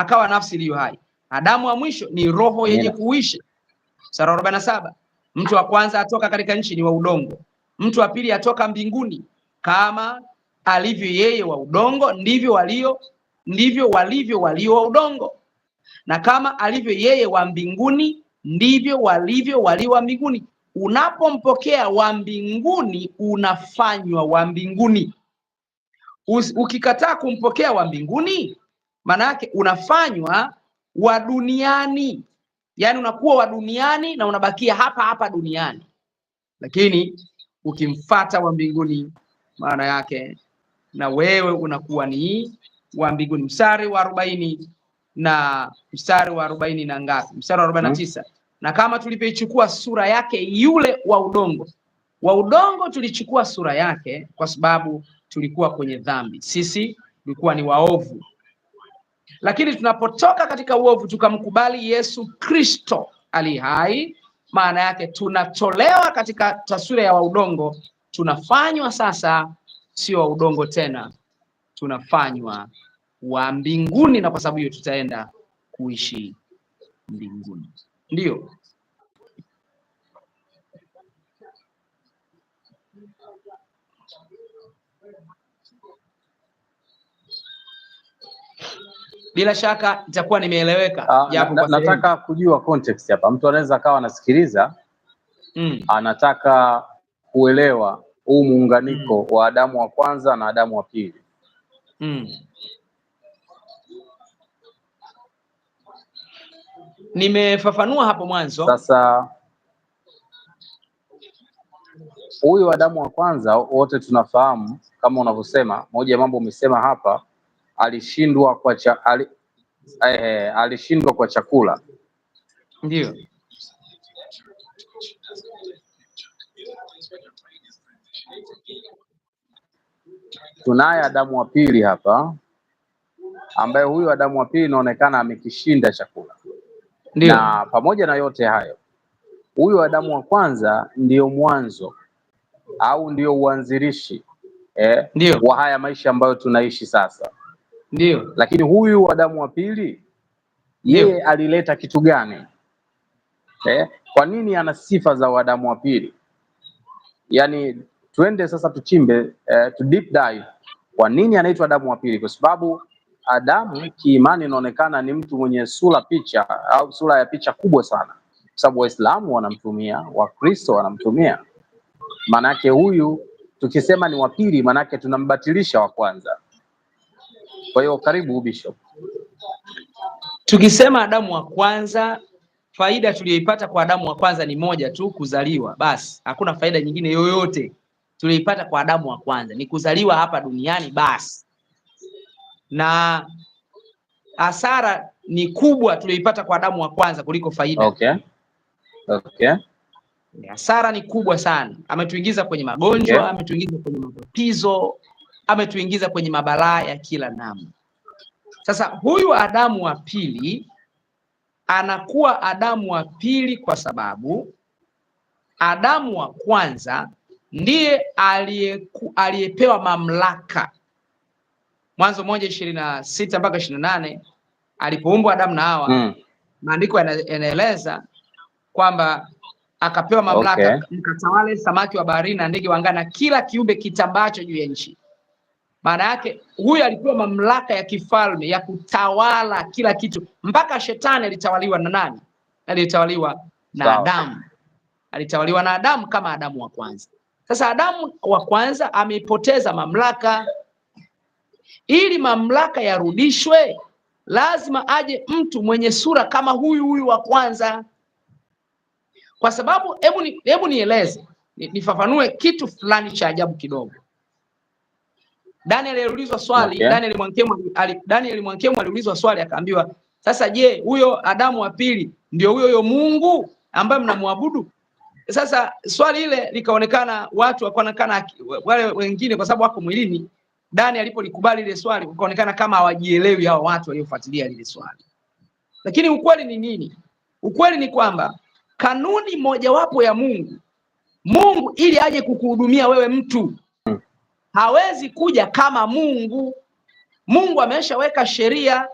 akawa nafsi iliyo hai. Adamu wa mwisho ni roho yenye kuishi. Sura saba mtu wa kwanza atoka katika nchi ni wa udongo, mtu wa pili atoka mbinguni, kama alivyo yeye wa udongo ndivyo walio ndivyo walivyo walio wa udongo, na kama alivyo yeye wa mbinguni ndivyo walivyo walio wa mbinguni. Unapompokea wa mbinguni unafanywa wa mbinguni. Ukikataa kumpokea wa mbinguni maana yake unafanywa wa duniani, yaani unakuwa wa duniani na unabakia hapa hapa duniani, lakini ukimfata wa mbinguni, maana yake na wewe unakuwa ni wa mbinguni. Mstari wa arobaini na mstari wa arobaini na ngapi? Mstari wa arobaini na hmm. tisa hmm. Na kama tulipoichukua sura yake yule wa udongo, wa udongo tulichukua sura yake, kwa sababu tulikuwa kwenye dhambi, sisi tulikuwa ni waovu lakini tunapotoka katika uovu tukamkubali Yesu Kristo ali hai, maana yake tunatolewa katika taswira ya waudongo, tunafanywa sasa sio wa udongo tena, tunafanywa wa mbinguni, na kwa sababu hiyo tutaenda kuishi mbinguni. Ndiyo. Bila shaka itakuwa nimeeleweka. Ah, na, nataka kujua context hapa, mtu anaweza akawa anasikiliza mm. anataka kuelewa huu muunganiko mm. wa Adamu wa kwanza na Adamu wa pili mm. nimefafanua hapo mwanzo. Sasa huyu Adamu wa kwanza wote tunafahamu kama unavyosema, moja ya mambo umesema hapa alishindwa kwa cha, ali, eh, alishindwa kwa chakula. Ndio tunaye Adamu wa pili hapa, ambaye huyu Adamu wa pili inaonekana amekishinda chakula. Ndiyo. Na pamoja na yote hayo, huyu Adamu wa kwanza ndiyo mwanzo au ndiyo uanzilishi eh, wa haya maisha ambayo tunaishi sasa. Ndio. Lakini huyu wa damu wa pili yeye alileta kitu gani? Eh, kwa nini ana sifa za wadamu wa pili? Yaani tuende sasa tuchimbe, eh, tu deep dive. Kwa nini anaitwa Adamu wa pili? Kwa sababu Adamu kiimani inaonekana ni mtu mwenye sura picha au sura ya picha kubwa sana, kwa sababu Waislamu wanamtumia, Wakristo wanamtumia. Maanake huyu tukisema ni wa pili, maanake tunambatilisha wa kwanza. Kwa hiyo karibu Bishop. Tukisema Adamu wa kwanza, faida tuliyoipata kwa Adamu wa kwanza ni moja tu, kuzaliwa. Basi hakuna faida nyingine yoyote tuliyoipata kwa Adamu wa kwanza, ni kuzaliwa hapa duniani basi. Na hasara ni kubwa tuliyoipata kwa Adamu wa kwanza kuliko faida. Okay. Okay. Hasara ni kubwa sana, ametuingiza kwenye magonjwa okay. Ametuingiza kwenye matatizo ametuingiza kwenye mabalaa ya kila namna. Sasa huyu Adamu wa pili anakuwa Adamu wa pili kwa sababu Adamu wa kwanza ndiye aliyepewa mamlaka. Mwanzo moja ishirini na sita mpaka ishirini na nane alipoumbwa Adamu na Hawa, mm. maandiko mm. yanaeleza kwamba akapewa mamlaka okay. mkatawale samaki wa baharini na ndege wa angani na kila kiumbe kitambacho juu ya nchi. Maana yake huyu alipewa mamlaka ya kifalme ya kutawala kila kitu, mpaka shetani alitawaliwa na nani? Alitawaliwa na Sao. Adamu, alitawaliwa na Adamu kama Adamu wa kwanza. Sasa Adamu wa kwanza ameipoteza mamlaka. Ili mamlaka yarudishwe, lazima aje mtu mwenye sura kama huyu huyu wa kwanza, kwa sababu hebu ni, hebu nieleze nifafanue kitu fulani cha ajabu kidogo. Daniel aliulizwa swali okay. Daniel Mwankemu ali, Daniel Mwankemu aliulizwa swali akaambiwa, sasa je, huyo Adamu wa pili ndio huyo huyo Mungu ambaye mnamwabudu? Sasa swali ile likaonekana watu wakaonekana wale wengine, kwa sababu wako mwilini. Dani alipolikubali ile swali, ukaonekana kama hawajielewi hao watu waliofuatilia lile swali, lakini ukweli ni nini? Ukweli ni kwamba kanuni mojawapo ya Mungu, Mungu ili aje kukuhudumia wewe mtu hawezi kuja kama Mungu. Mungu ameshaweka sheria